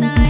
side